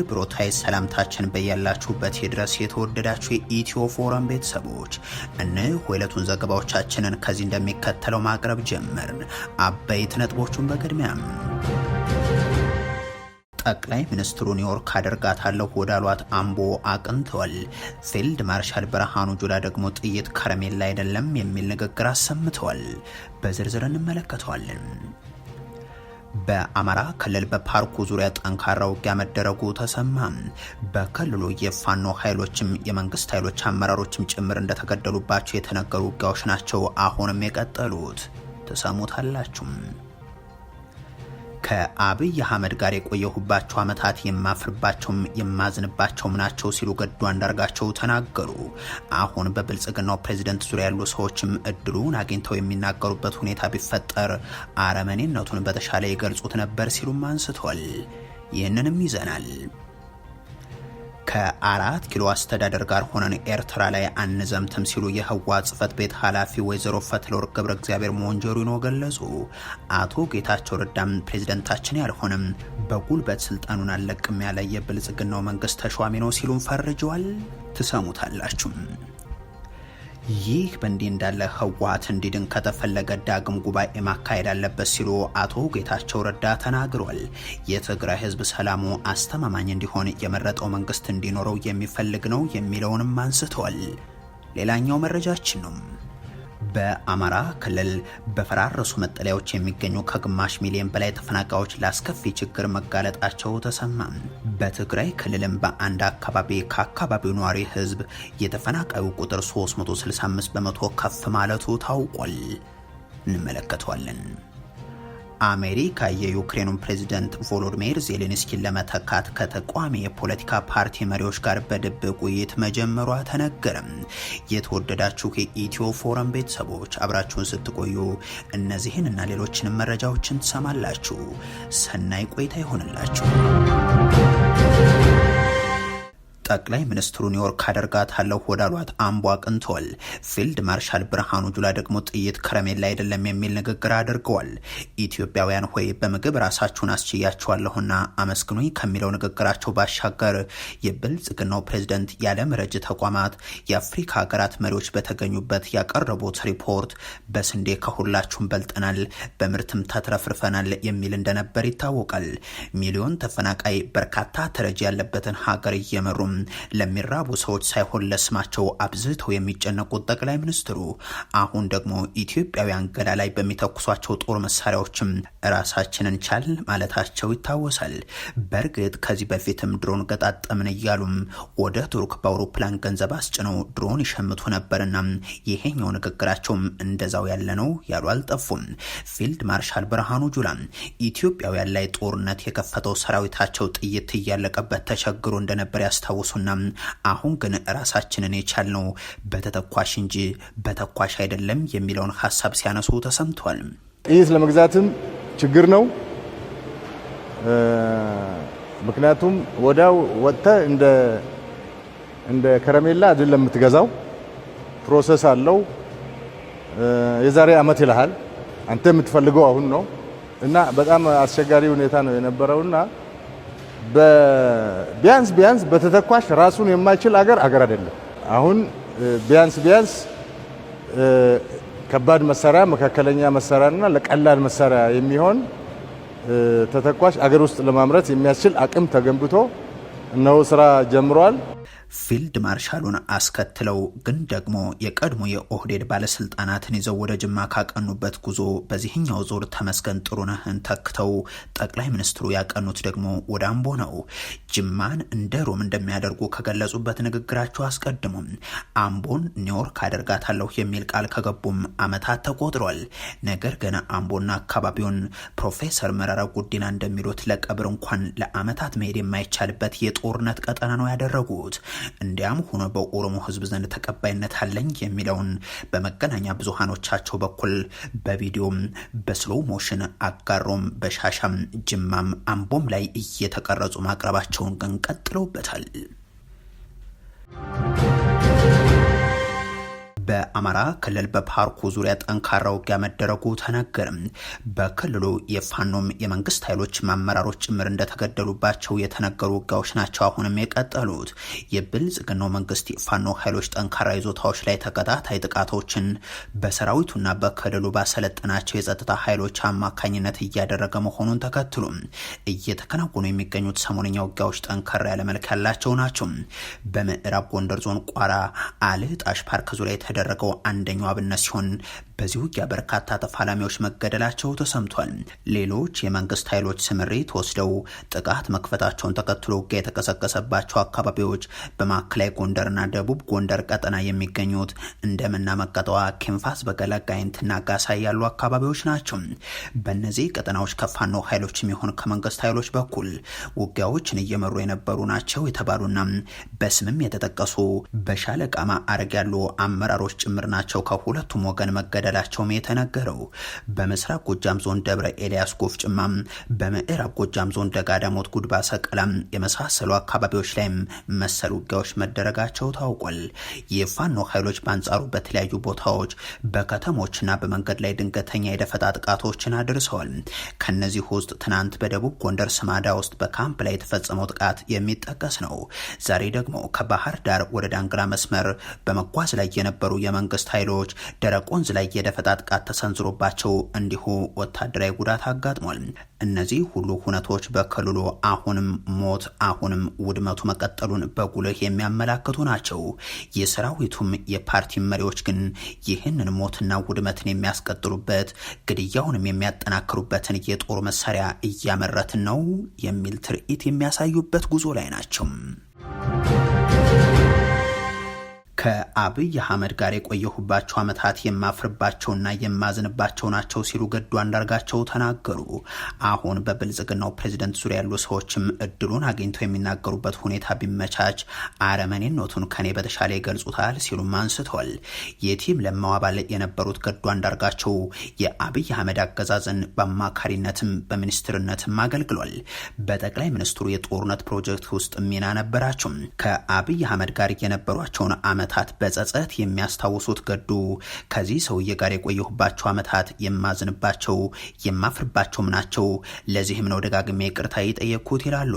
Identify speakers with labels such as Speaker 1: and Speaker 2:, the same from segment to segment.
Speaker 1: አክብሮታዊ ሰላምታችን በያላችሁበት ይድረስ። የተወደዳችሁ የኢትዮ ፎረም ቤተሰቦች እነሆ የዕለቱን ዘገባዎቻችንን ከዚህ እንደሚከተለው ማቅረብ ጀመርን። አበይት ነጥቦቹን በቅድሚያም ጠቅላይ ሚኒስትሩ ኒውዮርክ አደርጋታለሁ ወዳሏት አምቦ አቅንተዋል። ፊልድ ማርሻል ብርሃኑ ጁላ ደግሞ ጥይት ከረሜላ አይደለም የሚል ንግግር አሰምተዋል። በዝርዝር እንመለከተዋለን። በአማራ ክልል በፓርኩ ዙሪያ ጠንካራ ውጊያ መደረጉ ተሰማ። በክልሉ የፋኖ ኃይሎችም የመንግስት ኃይሎች አመራሮችም ጭምር እንደተገደሉባቸው የተነገሩ ውጊያዎች ናቸው አሁንም የቀጠሉት። ትሰሙታላችሁም። ከአብይ አህመድ ጋር የቆየሁባቸው ዓመታት የማፍርባቸውም የማዝንባቸውም ናቸው ሲሉ ገዱ አንዳርጋቸው ተናገሩ። አሁን በብልጽግናው ፕሬዚደንት ዙሪያ ያሉ ሰዎችም እድሉን አግኝተው የሚናገሩበት ሁኔታ ቢፈጠር አረመኔነቱን በተሻለ ይገልጹት ነበር ሲሉም አንስቷል። ይህንንም ይዘናል። ከአራት ኪሎ አስተዳደር ጋር ሆነን ኤርትራ ላይ አንዘምትም ሲሉ የህወሓት ጽህፈት ቤት ኃላፊ ወይዘሮ ፈትለወርቅ ገብረ እግዚአብሔር መወንጀሪኖ ገለጹ። አቶ ጌታቸው ረዳም ፕሬዝደንታችን ያልሆነም በጉልበት ስልጣኑን አለቅም ያለ የብልጽግናው መንግስት ተሿሚ ነው ሲሉም ፈርጀዋል። ትሰሙታላችሁም። ይህ በእንዲህ እንዳለ ህወሓት እንዲድን ከተፈለገ ዳግም ጉባኤ ማካሄድ አለበት ሲሉ አቶ ጌታቸው ረዳ ተናግሯል። የትግራይ ህዝብ ሰላሙ አስተማማኝ እንዲሆን የመረጠው መንግስት እንዲኖረው የሚፈልግ ነው የሚለውንም አንስተዋል። ሌላኛው መረጃችን ነው። በአማራ ክልል በፈራረሱ መጠለያዎች የሚገኙ ከግማሽ ሚሊዮን በላይ ተፈናቃዮች ለአስከፊ ችግር መጋለጣቸው ተሰማ። በትግራይ ክልልም በአንድ አካባቢ ከአካባቢው ነዋሪ ህዝብ የተፈናቃዩ ቁጥር 365 በመቶ ከፍ ማለቱ ታውቋል። እንመለከተዋለን። አሜሪካ የዩክሬኑን ፕሬዝደንት ቮሎዲሚር ዜሌንስኪን ለመተካት ከተቋሚ የፖለቲካ ፓርቲ መሪዎች ጋር በድብቅ ውይይት መጀመሯ ተነገረም። የተወደዳችሁ የኢትዮ ፎረም ቤተሰቦች አብራችሁን ስትቆዩ እነዚህን እና ሌሎችንም መረጃዎችን ትሰማላችሁ። ሰናይ ቆይታ ይሆንላችሁ። ጠቅላይ ሚኒስትሩ ኒውዮርክ አደርጋታለሁ ወዳሏት አምቦ አቅንተዋል። ፊልድ ማርሻል ብርሃኑ ጁላ ደግሞ ጥይት ከረሜላ አይደለም የሚል ንግግር አድርገዋል። ኢትዮጵያውያን ሆይ በምግብ ራሳችሁን አስችያቸዋለሁና አመስግኑኝ ከሚለው ንግግራቸው ባሻገር የብልጽግናው ፕሬዝደንት የዓለም ረጅ ተቋማት የአፍሪካ ሀገራት መሪዎች በተገኙበት ያቀረቡት ሪፖርት በስንዴ ከሁላችሁም በልጠናል፣ በምርትም ተትረፍርፈናል የሚል እንደነበር ይታወቃል። ሚሊዮን ተፈናቃይ በርካታ ተረጂ ያለበትን ሀገር እየመሩም ለሚራቡ ሰዎች ሳይሆን ለስማቸው አብዝተው የሚጨነቁት ጠቅላይ ሚኒስትሩ አሁን ደግሞ ኢትዮጵያውያን ገላ ላይ በሚተኩሷቸው ጦር መሳሪያዎችም ራሳችንን ቻል ማለታቸው ይታወሳል። በእርግጥ ከዚህ በፊትም ድሮን ገጣጠምን እያሉም ወደ ቱርክ በአውሮፕላን ገንዘብ አስጭነው ድሮን ይሸምቱ ነበርና ይሄኛው ንግግራቸውም እንደዛው ያለ ነው ያሉ አልጠፉም። ፊልድ ማርሻል ብርሃኑ ጁላ ኢትዮጵያውያን ላይ ጦርነት የከፈተው ሰራዊታቸው ጥይት እያለቀበት ተቸግሮ እንደነበር ያስታውሱ ደረሱና አሁን ግን ራሳችንን ነው በተተኳሽ እንጂ በተኳሽ አይደለም የሚለውን ሀሳብ ሲያነሱ ተሰምቷል። ጥይት ለመግዛትም ችግር ነው። ምክንያቱም ወዲያው ወጥተ እንደ እንደ ከረሜላ አይደለም የምትገዛው። ፕሮሰስ አለው። የዛሬ አመት ይልሃል አንተ የምትፈልገው አሁን ነው እና በጣም አስቸጋሪ ሁኔታ ነው የነበረውና ቢያንስ ቢያንስ በተተኳሽ ራሱን የማይችል አገር አገር አይደለም። አሁን ቢያንስ ቢያንስ ከባድ መሳሪያ፣ መካከለኛ መሳሪያና ለቀላል መሳሪያ የሚሆን ተተኳሽ አገር ውስጥ ለማምረት የሚያስችል አቅም ተገንብቶ እነሆ ስራ ጀምሯል። ፊልድ ማርሻሉን አስከትለው ግን ደግሞ የቀድሞ የኦህዴድ ባለስልጣናትን ይዘው ወደ ጅማ ካቀኑበት ጉዞ በዚህኛው ዙር ተመስገን ጥሩነህን ተክተው ጠቅላይ ሚኒስትሩ ያቀኑት ደግሞ ወደ አምቦ ነው። ጅማን እንደ ሮም እንደሚያደርጉ ከገለጹበት ንግግራቸው አስቀድሞም አምቦን ኒውዮርክ አደርጋታለሁ የሚል ቃል ከገቡም አመታት ተቆጥሯል። ነገር ግን አምቦና አካባቢውን ፕሮፌሰር መረራ ጉዲና እንደሚሉት ለቀብር እንኳን ለአመታት መሄድ የማይቻልበት የጦርነት ቀጠና ነው ያደረጉት። እንዲያም ሆኖ በኦሮሞ ህዝብ ዘንድ ተቀባይነት አለኝ የሚለውን በመገናኛ ብዙሃኖቻቸው በኩል በቪዲዮም በስሎ ሞሽን አጋሮም በሻሻም ጅማም አምቦም ላይ እየተቀረጹ ማቅረባቸውን ግን ቀጥለውበታል። በአማራ ክልል በፓርኩ ዙሪያ ጠንካራ ውጊያ መደረጉ ተነገር በክልሉ የፋኖም የመንግስት ኃይሎች አመራሮች ጭምር እንደተገደሉባቸው የተነገሩ ውጊያዎች ናቸው አሁንም የቀጠሉት። የብልጽግናው መንግስት የፋኖ ኃይሎች ጠንካራ ይዞታዎች ላይ ተከታታይ ጥቃቶችን በሰራዊቱና በክልሉ ባሰለጠናቸው የጸጥታ ኃይሎች አማካኝነት እያደረገ መሆኑን ተከትሎ እየተከናወኑ የሚገኙት ሰሞነኛ ውጊያዎች ጠንካራ ያለመልክ ያላቸው ናቸው። በምዕራብ ጎንደር ዞን ቋራ አልጣሽ ፓርክ ዙሪያ የተደረገው አንደኛው አብነት ሲሆን በዚህ ውጊያ በርካታ ተፋላሚዎች መገደላቸው ተሰምቷል። ሌሎች የመንግስት ኃይሎች ስምሪት ወስደው ጥቃት መክፈታቸውን ተከትሎ ውጊያ የተቀሰቀሰባቸው አካባቢዎች በማዕከላዊ ጎንደርና ደቡብ ጎንደር ቀጠና የሚገኙት እንደምና መቀጠዋ፣ ኬንፋስ፣ በገለጋይንትና ጋሳ ያሉ አካባቢዎች ናቸው። በእነዚህ ቀጠናዎች ከፋኖ ኃይሎች የሚሆን ከመንግስት ኃይሎች በኩል ውጊያዎችን እየመሩ የነበሩ ናቸው የተባሉና በስምም የተጠቀሱ በሻለቃ ማዕረግ ያሉ አመራሮች ጭምር ናቸው ከሁለቱም ወገን መገደል መገደላቸውም የተነገረው። በምስራቅ ጎጃም ዞን ደብረ ኤልያስ ጎፍጭማም፣ በምዕራብ ጎጃም ዞን ደጋዳሞት ጉድባ ሰቀላም የመሳሰሉ አካባቢዎች ላይም መሰል ውጊያዎች መደረጋቸው ታውቋል። የፋኖ ኃይሎች በአንጻሩ በተለያዩ ቦታዎች በከተሞችና በመንገድ ላይ ድንገተኛ የደፈጣ ጥቃቶችን አድርሰዋል። ከነዚህ ውስጥ ትናንት በደቡብ ጎንደር ስማዳ ውስጥ በካምፕ ላይ የተፈጸመው ጥቃት የሚጠቀስ ነው። ዛሬ ደግሞ ከባህር ዳር ወደ ዳንግላ መስመር በመጓዝ ላይ የነበሩ የመንግስት ኃይሎች ደረቅ ወንዝ ላይ የደፈጣ ጥቃት ተሰንዝሮባቸው እንዲሁ ወታደራዊ ጉዳት አጋጥሟል። እነዚህ ሁሉ ሁነቶች በክልሉ አሁንም ሞት አሁንም ውድመቱ መቀጠሉን በጉልህ የሚያመላክቱ ናቸው። የሰራዊቱም የፓርቲ መሪዎች ግን ይህንን ሞትና ውድመትን የሚያስቀጥሉበት ግድያውንም የሚያጠናክሩበትን የጦር መሳሪያ እያመረትን ነው የሚል ትርኢት የሚያሳዩበት ጉዞ ላይ ናቸው። ከአብይ አህመድ ጋር የቆየሁባቸው ዓመታት የማፍርባቸውና የማዝንባቸው ናቸው ሲሉ ገዱ አንዳርጋቸው ተናገሩ። አሁን በብልጽግናው ፕሬዚደንት ዙሪያ ያሉ ሰዎችም እድሉን አግኝተው የሚናገሩበት ሁኔታ ቢመቻች አረመኔነቱን ከኔ በተሻለ ይገልጹታል ሲሉም አንስተዋል። የቲም ለማዋባል የነበሩት ገዱ አንዳርጋቸው የአብይ አህመድ አገዛዝን በአማካሪነትም በሚኒስትርነትም አገልግሏል። በጠቅላይ ሚኒስትሩ የጦርነት ፕሮጀክት ውስጥ ሚና ነበራቸው። ከአብይ አህመድ ጋር የነበሯቸውን አመት ዓመታት በጸጸት የሚያስታውሱት ገዱ ከዚህ ሰውዬ ጋር የቆየሁባቸው ዓመታት የማዝንባቸው የማፍርባቸውም ናቸው። ለዚህም ነው ደጋግሜ ይቅርታ የጠየቅኩት ይላሉ።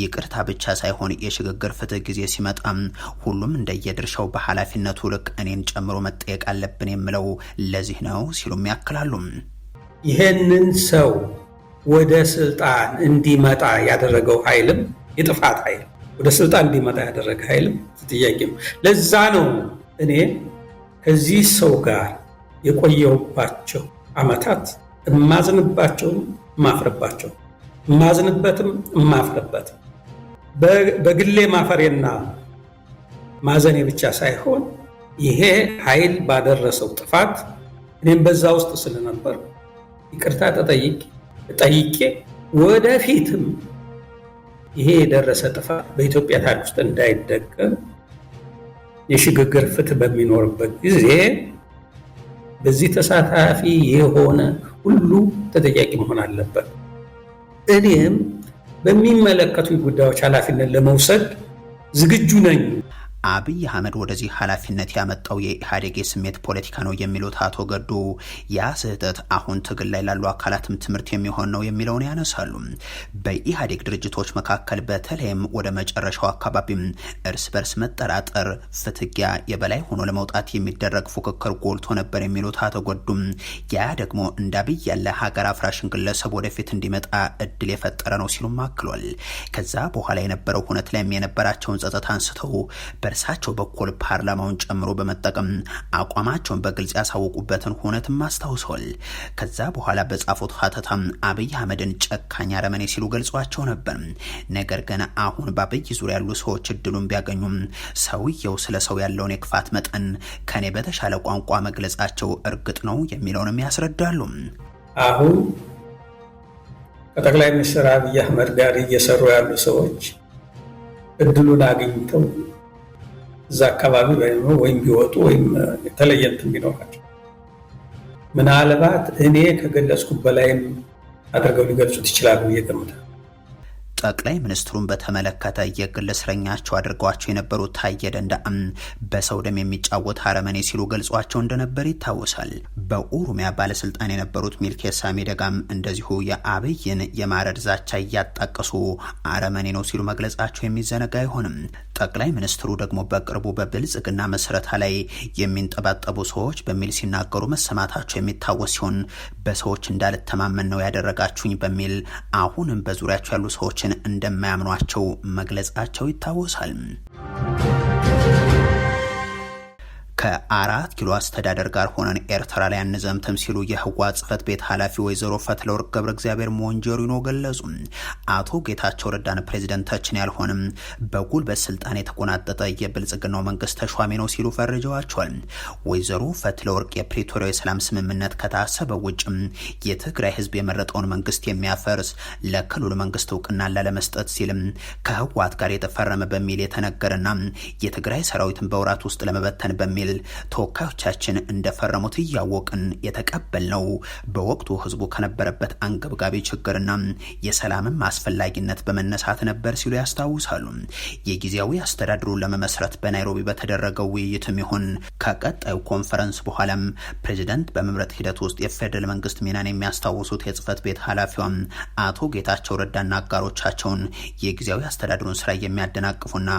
Speaker 1: ይቅርታ ብቻ ሳይሆን የሽግግር ፍትህ ጊዜ ሲመጣም ሁሉም እንደየድርሻው በኃላፊነቱ ልክ እኔን ጨምሮ መጠየቅ አለብን የምለው ለዚህ ነው ሲሉም ያክላሉ። ይህንን ሰው ወደ ስልጣን እንዲመጣ ያደረገው ኃይልም የጥፋት ኃይል ወደ ስልጣን እንዲመጣ ያደረገ ኃይልም ተጠያቂም። ለዛ ነው እኔ ከዚህ ሰው ጋር የቆየሁባቸው አመታት እማዝንባቸውም እማፍርባቸው እማዝንበትም እማፍርበትም በግሌ ማፈሬና ማዘኔ ብቻ ሳይሆን ይሄ ኃይል ባደረሰው ጥፋት እኔም በዛ ውስጥ ስለነበር ይቅርታ ተጠይቄ ወደፊትም ይሄ የደረሰ ጥፋት በኢትዮጵያ ታሪክ ውስጥ እንዳይደገም የሽግግር ፍትህ በሚኖርበት ጊዜ በዚህ ተሳታፊ የሆነ ሁሉ ተጠያቂ መሆን አለበት። እኔም በሚመለከቱ ጉዳዮች ኃላፊነት ለመውሰድ ዝግጁ ነኝ። አብይ አህመድ ወደዚህ ኃላፊነት ያመጣው የኢህአዴግ የስሜት ፖለቲካ ነው የሚሉት አቶ ገዱ ያ ስህተት አሁን ትግል ላይ ላሉ አካላትም ትምህርት የሚሆን ነው የሚለውን ያነሳሉ። በኢህአዴግ ድርጅቶች መካከል በተለይም ወደ መጨረሻው አካባቢም እርስ በርስ መጠራጠር፣ ፍትጊያ፣ የበላይ ሆኖ ለመውጣት የሚደረግ ፉክክር ጎልቶ ነበር የሚሉት አቶ ገዱም ያ ደግሞ እንደ አብይ ያለ ሀገር አፍራሽን ግለሰብ ወደፊት እንዲመጣ እድል የፈጠረ ነው ሲሉም አክሏል። ከዛ በኋላ የነበረው ሁነት ላይም የነበራቸውን ጸጥታ አንስተው በእርሳቸው በኩል ፓርላማውን ጨምሮ በመጠቀም አቋማቸውን በግልጽ ያሳወቁበትን ሁነትም አስታውሰዋል። ከዛ በኋላ በጻፉት ሀተታ አብይ አህመድን ጨካኝ አረመኔ ሲሉ ገልጿቸው ነበር። ነገር ግን አሁን በአብይ ዙሪያ ያሉ ሰዎች እድሉን ቢያገኙም ሰውየው ስለ ሰው ያለውን የክፋት መጠን ከኔ በተሻለ ቋንቋ መግለጻቸው እርግጥ ነው የሚለውንም ያስረዳሉ። አሁን ከጠቅላይ ሚኒስትር አብይ አህመድ ጋር እየሰሩ ያሉ ሰዎች እድሉን አግኝተው እዛ አካባቢ ወይም ቢወጡ ወይም የተለየ እንትን ቢኖራቸው ምናልባት እኔ ከገለጽኩ በላይም አድርገው ሊገልጹት ይችላሉ ብዬ ጠቅላይ ሚኒስትሩን በተመለከተ የግል እስረኛቸው አድርገዋቸው የነበሩት ታየ በሰው ደም የሚጫወት አረመኔ ሲሉ ገልጿቸው እንደነበር ይታወሳል። በኦሮሚያ ባለስልጣን የነበሩት ሚልኬሳ ሚደጋም እንደዚሁ የአብይን የማረድ ዛቻ እያጣቀሱ አረመኔ ነው ሲሉ መግለጻቸው የሚዘነጋ አይሆንም። ጠቅላይ ሚኒስትሩ ደግሞ በቅርቡ በብልጽግና መሰረታ ላይ የሚንጠባጠቡ ሰዎች በሚል ሲናገሩ መሰማታቸው የሚታወስ ሲሆን በሰዎች እንዳልተማመን ነው ያደረጋችሁኝ በሚል አሁንም በዙሪያቸው ያሉ ሰዎችን እንደማያምኗቸው መግለጻቸው ይታወሳል። ከአራት ኪሎ አስተዳደር ጋር ሆነን ኤርትራ ላይ አንዘምትም ሲሉ የህወሓት ጽህፈት ቤት ኃላፊ ወይዘሮ ፈትለወርቅ ገብረ እግዚአብሔር ሞንጆሪኖ ገለጹ። አቶ ጌታቸው ረዳን ፕሬዚደንታችን ያልሆንም በጉልበት ስልጣን የተቆናጠጠ የብልጽግናው መንግስት ተሿሚ ነው ሲሉ ፈርጀዋቸዋል። ወይዘሮ ፈትለወርቅ የፕሪቶሪያው የሰላም ስምምነት ከታሰበ ውጭም የትግራይ ህዝብ የመረጠውን መንግስት የሚያፈርስ ለክልሉ መንግስት እውቅና ላለመስጠት ሲልም ከህወሓት ጋር የተፈረመ በሚል የተነገረና የትግራይ ሰራዊትን በውራት ውስጥ ለመበተን በሚል ተወካዮቻችን እንደፈረሙት እያወቅን ነው። በወቅቱ ህዝቡ ከነበረበት አንገብጋቢ ችግርና የሰላምም አስፈላጊነት በመነሳት ነበር ሲሉ ያስታውሳሉ። የጊዜያዊ አስተዳድሩ ለመመስረት በናይሮቢ በተደረገው ውይይትም ይሁን ከቀጣዩ ኮንፈረንስ በኋላም ፕሬዚደንት በመምረጥ ሂደት ውስጥ የፌደራል መንግስት ሚናን የሚያስታውሱት የጽህፈት ቤት ኃላፊዋም አቶ ጌታቸው ረዳና አጋሮቻቸውን የጊዜያዊ አስተዳድሩን ስራ የሚያደናቅፉና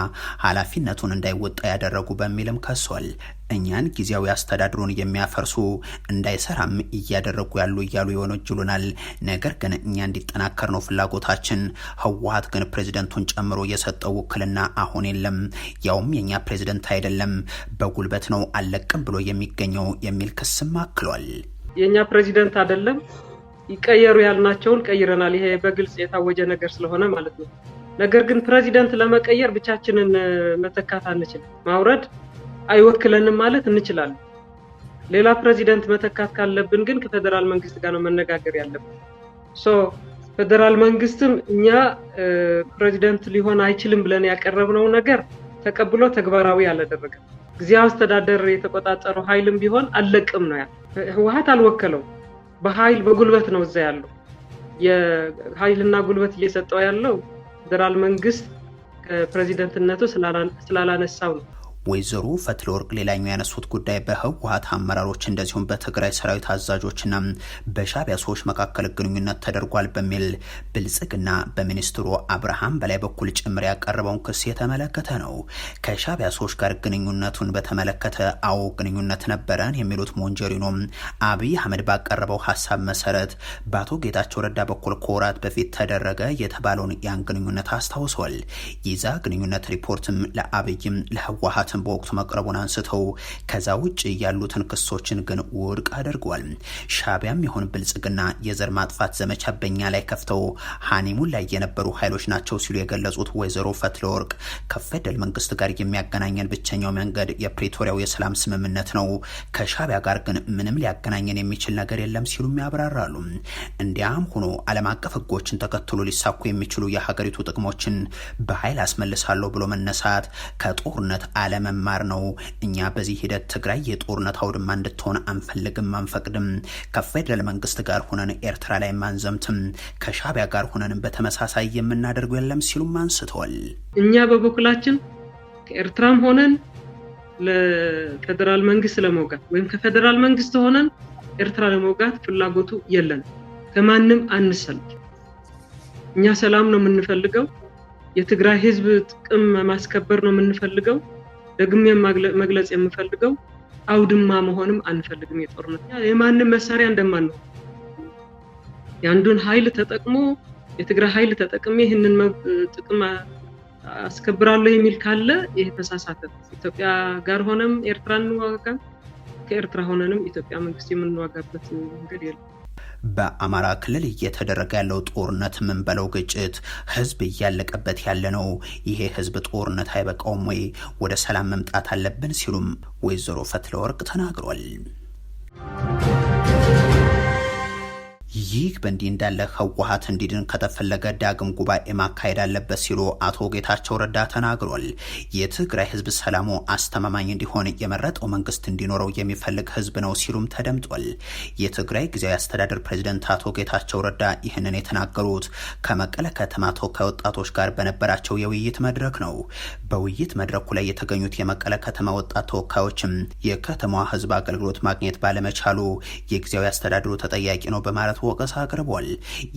Speaker 1: ኃላፊነቱን እንዳይወጣ ያደረጉ በሚልም ከሷል። እኛን ጊዜያዊ አስተዳድሮን የሚያፈርሱ እንዳይሰራም እያደረጉ ያሉ እያሉ ይወነጅሉናል። ነገር ግን እኛ እንዲጠናከር ነው ፍላጎታችን። ህወሀት ግን ፕሬዝደንቱን ጨምሮ የሰጠው ውክልና አሁን የለም። ያውም የእኛ ፕሬዝደንት አይደለም፣ በጉልበት ነው አለቅም ብሎ የሚገኘው የሚል ክስም አክሏል። የእኛ ፕሬዚደንት አይደለም ይቀየሩ ያልናቸውን ቀይረናል። ይሄ በግልጽ የታወጀ ነገር ስለሆነ ማለት ነው። ነገር ግን ፕሬዚደንት ለመቀየር ብቻችንን መተካት አንችልም። ማውረድ አይወክለንም ማለት እንችላለን። ሌላ ፕሬዚደንት መተካት ካለብን ግን ከፌዴራል መንግስት ጋር ነው መነጋገር ያለብን። ሶ ፌደራል መንግስትም እኛ ፕሬዚደንት ሊሆን አይችልም ብለን ያቀረብነው ነገር ተቀብሎ ተግባራዊ ያላደረገ ጊዜያዊ አስተዳደር የተቆጣጠረው ኃይልም ቢሆን አለቅም ነው ያለ። ህወሀት አልወከለው፣ በኃይል በጉልበት ነው እዛ ያለው። የኃይልና ጉልበት እየሰጠው ያለው ፌደራል መንግስት ከፕሬዚደንትነቱ ስላላነሳው ነው። ወይዘሮ ፈትለወርቅ ሌላኛው ያነሱት ጉዳይ በህወሀት አመራሮች እንደዚሁም በትግራይ ሰራዊት አዛዦችና በሻቢያ ሰዎች መካከል ግንኙነት ተደርጓል በሚል ብልጽግና በሚኒስትሩ አብርሃም በላይ በኩል ጭምር ያቀረበውን ክስ የተመለከተ ነው። ከሻቢያ ሰዎች ጋር ግንኙነቱን በተመለከተ አዎ ግንኙነት ነበረን የሚሉት ሞንጀሪኖ አብይ አህመድ ባቀረበው ሀሳብ መሰረት በአቶ ጌታቸው ረዳ በኩል ከወራት በፊት ተደረገ የተባለውን ያን ግንኙነት አስታውሷል። ይዛ ግንኙነት ሪፖርትም ለአብይም ለህወሀት ጥናትን በወቅቱ መቅረቡን አንስተው ከዛ ውጭ ያሉትን ክሶችን ግን ውድቅ አድርገዋል። ሻቢያም ይሁን ብልጽግና የዘር ማጥፋት ዘመቻ በኛ ላይ ከፍተው ሀኒሙን ላይ የነበሩ ኃይሎች ናቸው ሲሉ የገለጹት ወይዘሮ ፈትለወርቅ ከፌደራል መንግስት ጋር የሚያገናኘን ብቸኛው መንገድ የፕሪቶሪያው የሰላም ስምምነት ነው፣ ከሻቢያ ጋር ግን ምንም ሊያገናኘን የሚችል ነገር የለም ሲሉም ያብራራሉ። እንዲያም ሆኖ ዓለም አቀፍ ህጎችን ተከትሎ ሊሳኩ የሚችሉ የሀገሪቱ ጥቅሞችን በኃይል አስመልሳለሁ ብሎ መነሳት ከጦርነት ዓለም ለመማር ነው። እኛ በዚህ ሂደት ትግራይ የጦርነት አውድማ እንድትሆን አንፈልግም፣ አንፈቅድም። ከፌዴራል መንግስት ጋር ሆነን ኤርትራ ላይ ማንዘምትም፣ ከሻቢያ ጋር ሆነን በተመሳሳይ የምናደርገው የለም ሲሉም አንስተዋል። እኛ በበኩላችን ከኤርትራም ሆነን ለፌዴራል መንግስት ለመውጋት ወይም ከፌዴራል መንግስት ሆነን ኤርትራ ለመውጋት ፍላጎቱ የለን። ከማንም አንሰልፍ። እኛ ሰላም ነው የምንፈልገው። የትግራይ ህዝብ ጥቅም ማስከበር ነው የምንፈልገው። ደግሜ መግለጽ የምፈልገው አውድማ መሆንም አንፈልግም። የጦርነት የማንም መሳሪያ እንደማንሆን የአንዱን ኃይል ተጠቅሞ የትግራይ ኃይል ተጠቅሞ ይህንን ጥቅም አስከብራለሁ የሚል ካለ ይህ ተሳሳተ። ኢትዮጵያ ጋር ሆነም ኤርትራ እንዋጋ፣ ከኤርትራ ሆነንም ኢትዮጵያ መንግስት የምንዋጋበት መንገድ የለም። በአማራ ክልል እየተደረገ ያለው ጦርነት ምን በለው ግጭት ህዝብ እያለቀበት ያለ ነው። ይሄ ህዝብ ጦርነት አይበቃውም ወይ? ወደ ሰላም መምጣት አለብን ሲሉም ወይዘሮ ፈትለወርቅ ተናግሯል። ይህ በእንዲህ እንዳለ ህወሀት እንዲድን ከተፈለገ ዳግም ጉባኤ ማካሄድ አለበት ሲሉ አቶ ጌታቸው ረዳ ተናግሯል። የትግራይ ህዝብ ሰላሙ አስተማማኝ እንዲሆን የመረጠው መንግስት እንዲኖረው የሚፈልግ ህዝብ ነው ሲሉም ተደምጧል። የትግራይ ጊዜያዊ አስተዳደር ፕሬዚደንት አቶ ጌታቸው ረዳ ይህንን የተናገሩት ከመቀለ ከተማ ተወካይ ወጣቶች ጋር በነበራቸው የውይይት መድረክ ነው። በውይይት መድረኩ ላይ የተገኙት የመቀለ ከተማ ወጣት ተወካዮችም የከተማዋ ህዝብ አገልግሎት ማግኘት ባለመቻሉ የጊዜያዊ አስተዳደሩ ተጠያቂ ነው በማለት ወቀሳ አቅርቧል።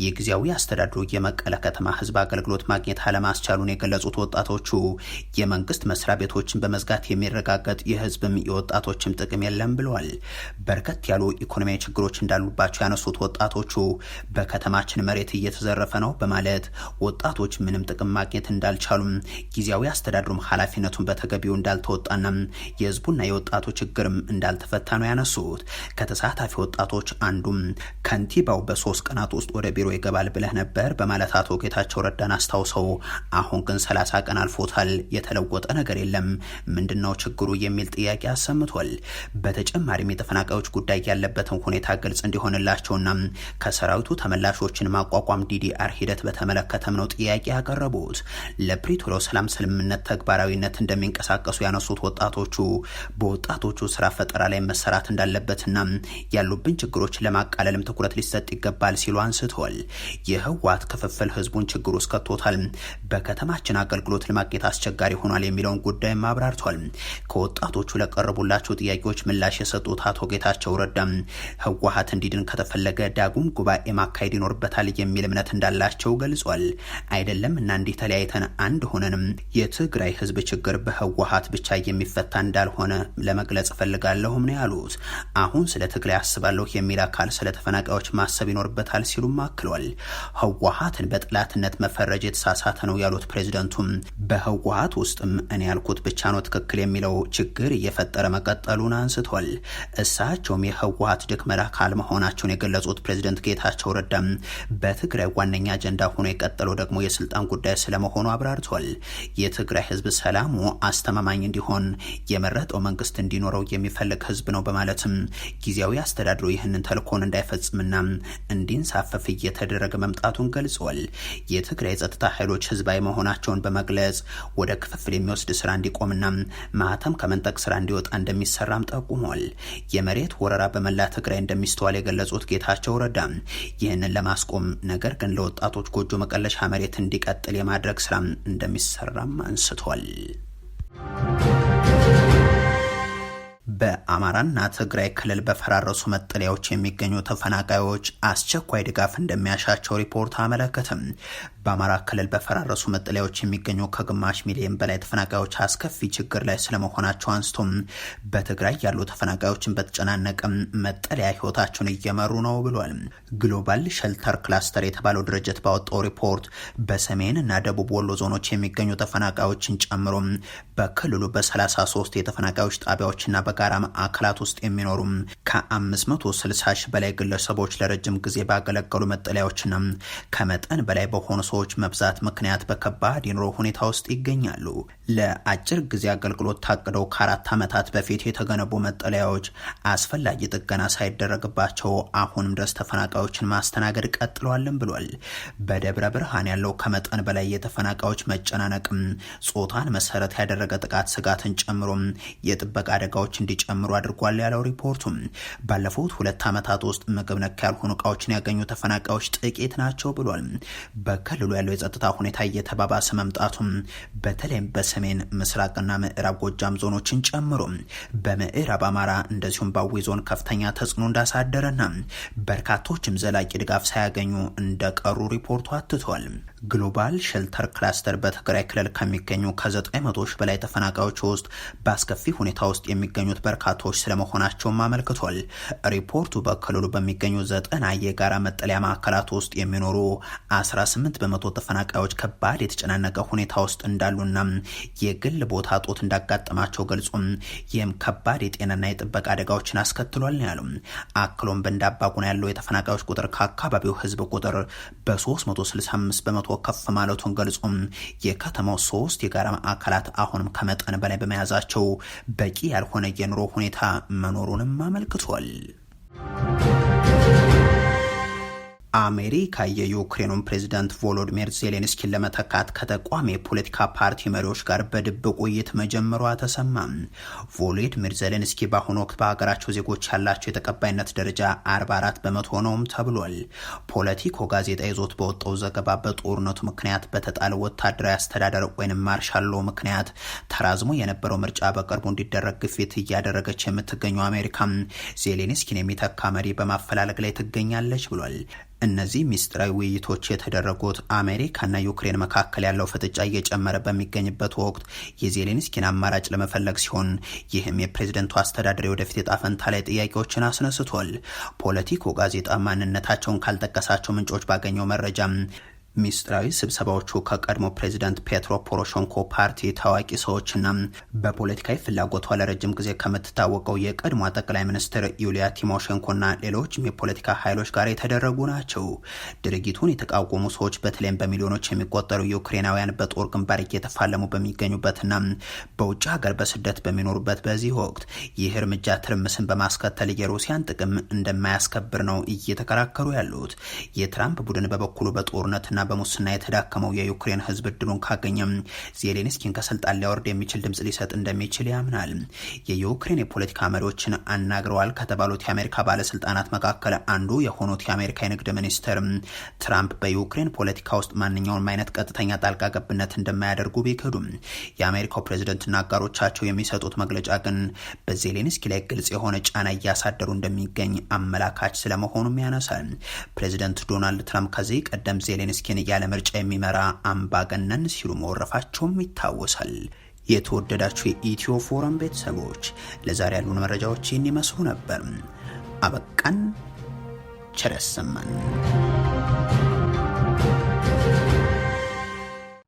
Speaker 1: የጊዜያዊ አስተዳድሩ የመቀለ ከተማ ህዝብ አገልግሎት ማግኘት አለማስቻሉን የገለጹት ወጣቶቹ የመንግስት መስሪያ ቤቶችን በመዝጋት የሚረጋገጥ የህዝብም የወጣቶችም ጥቅም የለም ብለዋል። በርከት ያሉ ኢኮኖሚያዊ ችግሮች እንዳሉባቸው ያነሱት ወጣቶቹ በከተማችን መሬት እየተዘረፈ ነው በማለት ወጣቶች ምንም ጥቅም ማግኘት እንዳልቻሉም ጊዜያዊ አስተዳድሩም ኃላፊነቱን በተገቢው እንዳልተወጣና የህዝቡና የወጣቱ ችግርም እንዳልተፈታ ነው ያነሱት። ከተሳታፊ ወጣቶች አንዱም ከንቲባው ስብሰባው በሶስት ቀናት ውስጥ ወደ ቢሮ ይገባል ብለህ ነበር በማለት አቶ ጌታቸው ረዳን አስታውሰው፣ አሁን ግን ሰላሳ ቀን አልፎታል፣ የተለወጠ ነገር የለም፣ ምንድነው ችግሩ የሚል ጥያቄ አሰምቷል። በተጨማሪም የተፈናቃዮች ጉዳይ ያለበትን ሁኔታ ግልጽ እንዲሆንላቸውና ከሰራዊቱ ተመላሾችን ማቋቋም ዲዲአር ሂደት በተመለከተም ነው ጥያቄ ያቀረቡት። ለፕሪቶሪያው ሰላም ስልምነት ተግባራዊነት እንደሚንቀሳቀሱ ያነሱት ወጣቶቹ በወጣቶቹ ስራ ፈጠራ ላይ መሰራት እንዳለበትና ያሉብን ችግሮች ለማቃለልም ትኩረት ሊሰጥ ሊሰጥ ይገባል ሲሉ አንስቷል። የህወሓት ክፍፍል ህዝቡን ችግር ውስጥ ከቶታል፣ በከተማችን አገልግሎት ለማግኘት አስቸጋሪ ሆኗል የሚለውን ጉዳይ አብራርቷል። ከወጣቶቹ ለቀረቡላቸው ጥያቄዎች ምላሽ የሰጡት አቶ ጌታቸው ረዳ ህወሓት እንዲድን ከተፈለገ ዳጉም ጉባኤ ማካሄድ ይኖርበታል የሚል እምነት እንዳላቸው ገልጿል። አይደለም እና እንዲህ ተለያይተን አንድ ሆነንም የትግራይ ህዝብ ችግር በህወሓት ብቻ የሚፈታ እንዳልሆነ ለመግለጽ እፈልጋለሁም ነው ያሉት። አሁን ስለ ትግራይ አስባለሁ የሚል አካል ስለ ተፈናቃዮች ማስ ማሰብ ይኖርበታል ሲሉም አክሏል። ህወሀትን በጠላትነት መፈረጅ የተሳሳተ ነው ያሉት ፕሬዚደንቱም በህወሀት ውስጥም እኔ ያልኩት ብቻ ነው ትክክል የሚለው ችግር እየፈጠረ መቀጠሉን አንስቷል። እሳቸውም የህወሀት ድክመት አካል መሆናቸውን የገለጹት ፕሬዚደንት ጌታቸው ረዳም በትግራይ ዋነኛ አጀንዳ ሆኖ የቀጠለው ደግሞ የስልጣን ጉዳይ ስለመሆኑ አብራርቷል። የትግራይ ህዝብ ሰላሙ አስተማማኝ እንዲሆን የመረጠው መንግስት እንዲኖረው የሚፈልግ ህዝብ ነው በማለትም ጊዜያዊ አስተዳድሮ ይህንን ተልኮን እንዳይፈጽምና እንዲንሳፈፍ እየተደረገ መምጣቱን ገልጿል። የትግራይ ጸጥታ ኃይሎች ህዝባዊ መሆናቸውን በመግለጽ ወደ ክፍፍል የሚወስድ ስራ እንዲቆምና ማህተም ከመንጠቅ ስራ እንዲወጣ እንደሚሰራም ጠቁሟል። የመሬት ወረራ በመላ ትግራይ እንደሚስተዋል የገለጹት ጌታቸው ረዳ ይህንን ለማስቆም ነገር ግን ለወጣቶች ጎጆ መቀለሻ መሬት እንዲቀጥል የማድረግ ስራ እንደሚሰራም አንስቷል። በአማራና ትግራይ ክልል በፈራረሱ መጠለያዎች የሚገኙ ተፈናቃዮች አስቸኳይ ድጋፍ እንደሚያሻቸው ሪፖርት አመለከትም። በአማራ ክልል በፈራረሱ መጠለያዎች የሚገኙ ከግማሽ ሚሊዮን በላይ ተፈናቃዮች አስከፊ ችግር ላይ ስለመሆናቸው አንስቶም በትግራይ ያሉ ተፈናቃዮችን በተጨናነቀም መጠለያ ህይወታቸውን እየመሩ ነው ብሏል። ግሎባል ሸልተር ክላስተር የተባለው ድርጅት ባወጣው ሪፖርት በሰሜን እና ደቡብ ወሎ ዞኖች የሚገኙ ተፈናቃዮችን ጨምሮ በክልሉ በ33 የተፈናቃዮች ጣቢያዎችና በጋራ ማዕከላት ውስጥ የሚኖሩ ከ560 ሺህ በላይ ግለሰቦች ለረጅም ጊዜ ባገለገሉ መጠለያዎችና ከመጠን በላይ በሆኑ ሰዎች መብዛት ምክንያት በከባድ የኑሮ ሁኔታ ውስጥ ይገኛሉ። ለአጭር ጊዜ አገልግሎት ታቅደው ከአራት ዓመታት በፊት የተገነቡ መጠለያዎች አስፈላጊ ጥገና ሳይደረግባቸው አሁንም ድረስ ተፈናቃዮችን ማስተናገድ ቀጥለዋልም ብሏል። በደብረ ብርሃን ያለው ከመጠን በላይ የተፈናቃዮች መጨናነቅም ጾታን መሰረት ያደረገ ጥቃት ስጋትን ጨምሮም የጥበቃ አደጋዎች እንዲጨምሩ አድርጓል ያለው ሪፖርቱም ባለፉት ሁለት ዓመታት ውስጥ ምግብ ነክ ያልሆኑ እቃዎችን ያገኙ ተፈናቃዮች ጥቂት ናቸው ብሏል። በክልሉ በክልሉ ያለው የጸጥታ ሁኔታ እየተባባሰ መምጣቱም በተለይም በሰሜን ምስራቅና ምዕራብ ጎጃም ዞኖችን ጨምሮ በምዕራብ አማራ እንደዚሁም በአዊ ዞን ከፍተኛ ተጽዕኖ እንዳሳደረና በርካቶችም ዘላቂ ድጋፍ ሳያገኙ እንደቀሩ ሪፖርቱ አትቷል። ግሎባል ሸልተር ክላስተር በትግራይ ክልል ከሚገኙ ከ900 ሺህ በላይ ተፈናቃዮች ውስጥ በአስከፊ ሁኔታ ውስጥ የሚገኙት በርካቶች ስለመሆናቸውም አመልክቷል። ሪፖርቱ በክልሉ በሚገኙ ዘጠና የጋራ መጠለያ ማዕከላት ውስጥ የሚኖሩ 18 በመቶ ተፈናቃዮች ከባድ የተጨናነቀ ሁኔታ ውስጥ እንዳሉና የግል ቦታ ጦት እንዳጋጠማቸው ገልጾም ይህም ከባድ የጤናና የጥበቃ አደጋዎችን አስከትሏል ነው ያሉ። አክሎም በእንዳባጉና ያለው የተፈናቃዮች ቁጥር ከአካባቢው ህዝብ ቁጥር በ365 በመቶ በመቶ ከፍ ማለቱን ገልጾም የከተማው ሶስት የጋራ ማዕከላት አሁንም ከመጠን በላይ በመያዛቸው በቂ ያልሆነ የኑሮ ሁኔታ መኖሩንም አመልክቷል። አሜሪካ የዩክሬኑን ፕሬዝዳንት ቮሎዲሚር ዜሌንስኪን ለመተካት ከተቋሚ የፖለቲካ ፓርቲ መሪዎች ጋር በድብቅ ውይይት መጀመሯ ተሰማ። ቮሎዲሚር ዜሌንስኪ በአሁኑ ወቅት በሀገራቸው ዜጎች ያላቸው የተቀባይነት ደረጃ 44 በመቶ ሆነውም ተብሏል። ፖለቲኮ ጋዜጣ ይዞት በወጣው ዘገባ በጦርነቱ ምክንያት በተጣለ ወታደራዊ አስተዳደር ወይም ማርሻሎ ምክንያት ተራዝሞ የነበረው ምርጫ በቅርቡ እንዲደረግ ግፊት እያደረገች የምትገኘው አሜሪካ ዜሌንስኪን የሚተካ መሪ በማፈላለግ ላይ ትገኛለች ብሏል። እነዚህ ሚስጥራዊ ውይይቶች የተደረጉት አሜሪካና ዩክሬን መካከል ያለው ፍጥጫ እየጨመረ በሚገኝበት ወቅት የዜሌንስኪን አማራጭ ለመፈለግ ሲሆን ይህም የፕሬዝደንቱ አስተዳደር የወደፊት የጣፈንታ ላይ ጥያቄዎችን አስነስቷል። ፖለቲኮ ጋዜጣ ማንነታቸውን ካልጠቀሳቸው ምንጮች ባገኘው መረጃም ሚስጥራዊ ስብሰባዎቹ ከቀድሞ ፕሬዚዳንት ፔትሮ ፖሮሾንኮ ፓርቲ ታዋቂ ሰዎችና በፖለቲካዊ ፍላጎቷ ለረጅም ጊዜ ከምትታወቀው የቀድሞ ጠቅላይ ሚኒስትር ዩሊያ ቲሞሼንኮና ሌሎችም የፖለቲካ ኃይሎች ጋር የተደረጉ ናቸው። ድርጊቱን የተቃወሙ ሰዎች በተለይም በሚሊዮኖች የሚቆጠሩ ዩክሬናውያን በጦር ግንባር እየተፋለሙ በሚገኙበትና በውጭ ሀገር በስደት በሚኖሩበት በዚህ ወቅት ይህ እርምጃ ትርምስን በማስከተል የሩሲያን ጥቅም እንደማያስከብር ነው እየተከራከሩ ያሉት። የትራምፕ ቡድን በበኩሉ በጦርነትና በሙስና የተዳከመው የዩክሬን ህዝብ እድሉን ካገኘም ዜሌንስኪን ከስልጣን ሊያወርድ የሚችል ድምጽ ሊሰጥ እንደሚችል ያምናል። የዩክሬን የፖለቲካ መሪዎችን አናግረዋል ከተባሉት የአሜሪካ ባለስልጣናት መካከል አንዱ የሆኑት የአሜሪካ የንግድ ሚኒስትር ትራምፕ በዩክሬን ፖለቲካ ውስጥ ማንኛውን አይነት ቀጥተኛ ጣልቃ ገብነት እንደማያደርጉ ቢክዱም የአሜሪካው ፕሬዝደንትና አጋሮቻቸው የሚሰጡት መግለጫ ግን በዜሌንስኪ ላይ ግልጽ የሆነ ጫና እያሳደሩ እንደሚገኝ አመላካች ስለመሆኑም ያነሳል። ፕሬዚደንት ዶናልድ ትራምፕ ከዚህ ቀደም ዜሌንስኪ ምስኪን ያለ ምርጫ የሚመራ አምባገነን ሲሉ መወረፋቸውም ይታወሳል። የተወደዳችሁ የኢትዮ ፎረም ቤተሰቦች ለዛሬ ያሉን መረጃዎች ይህን ይመስሉ ነበር። አበቃን። ቸር ያሰማን።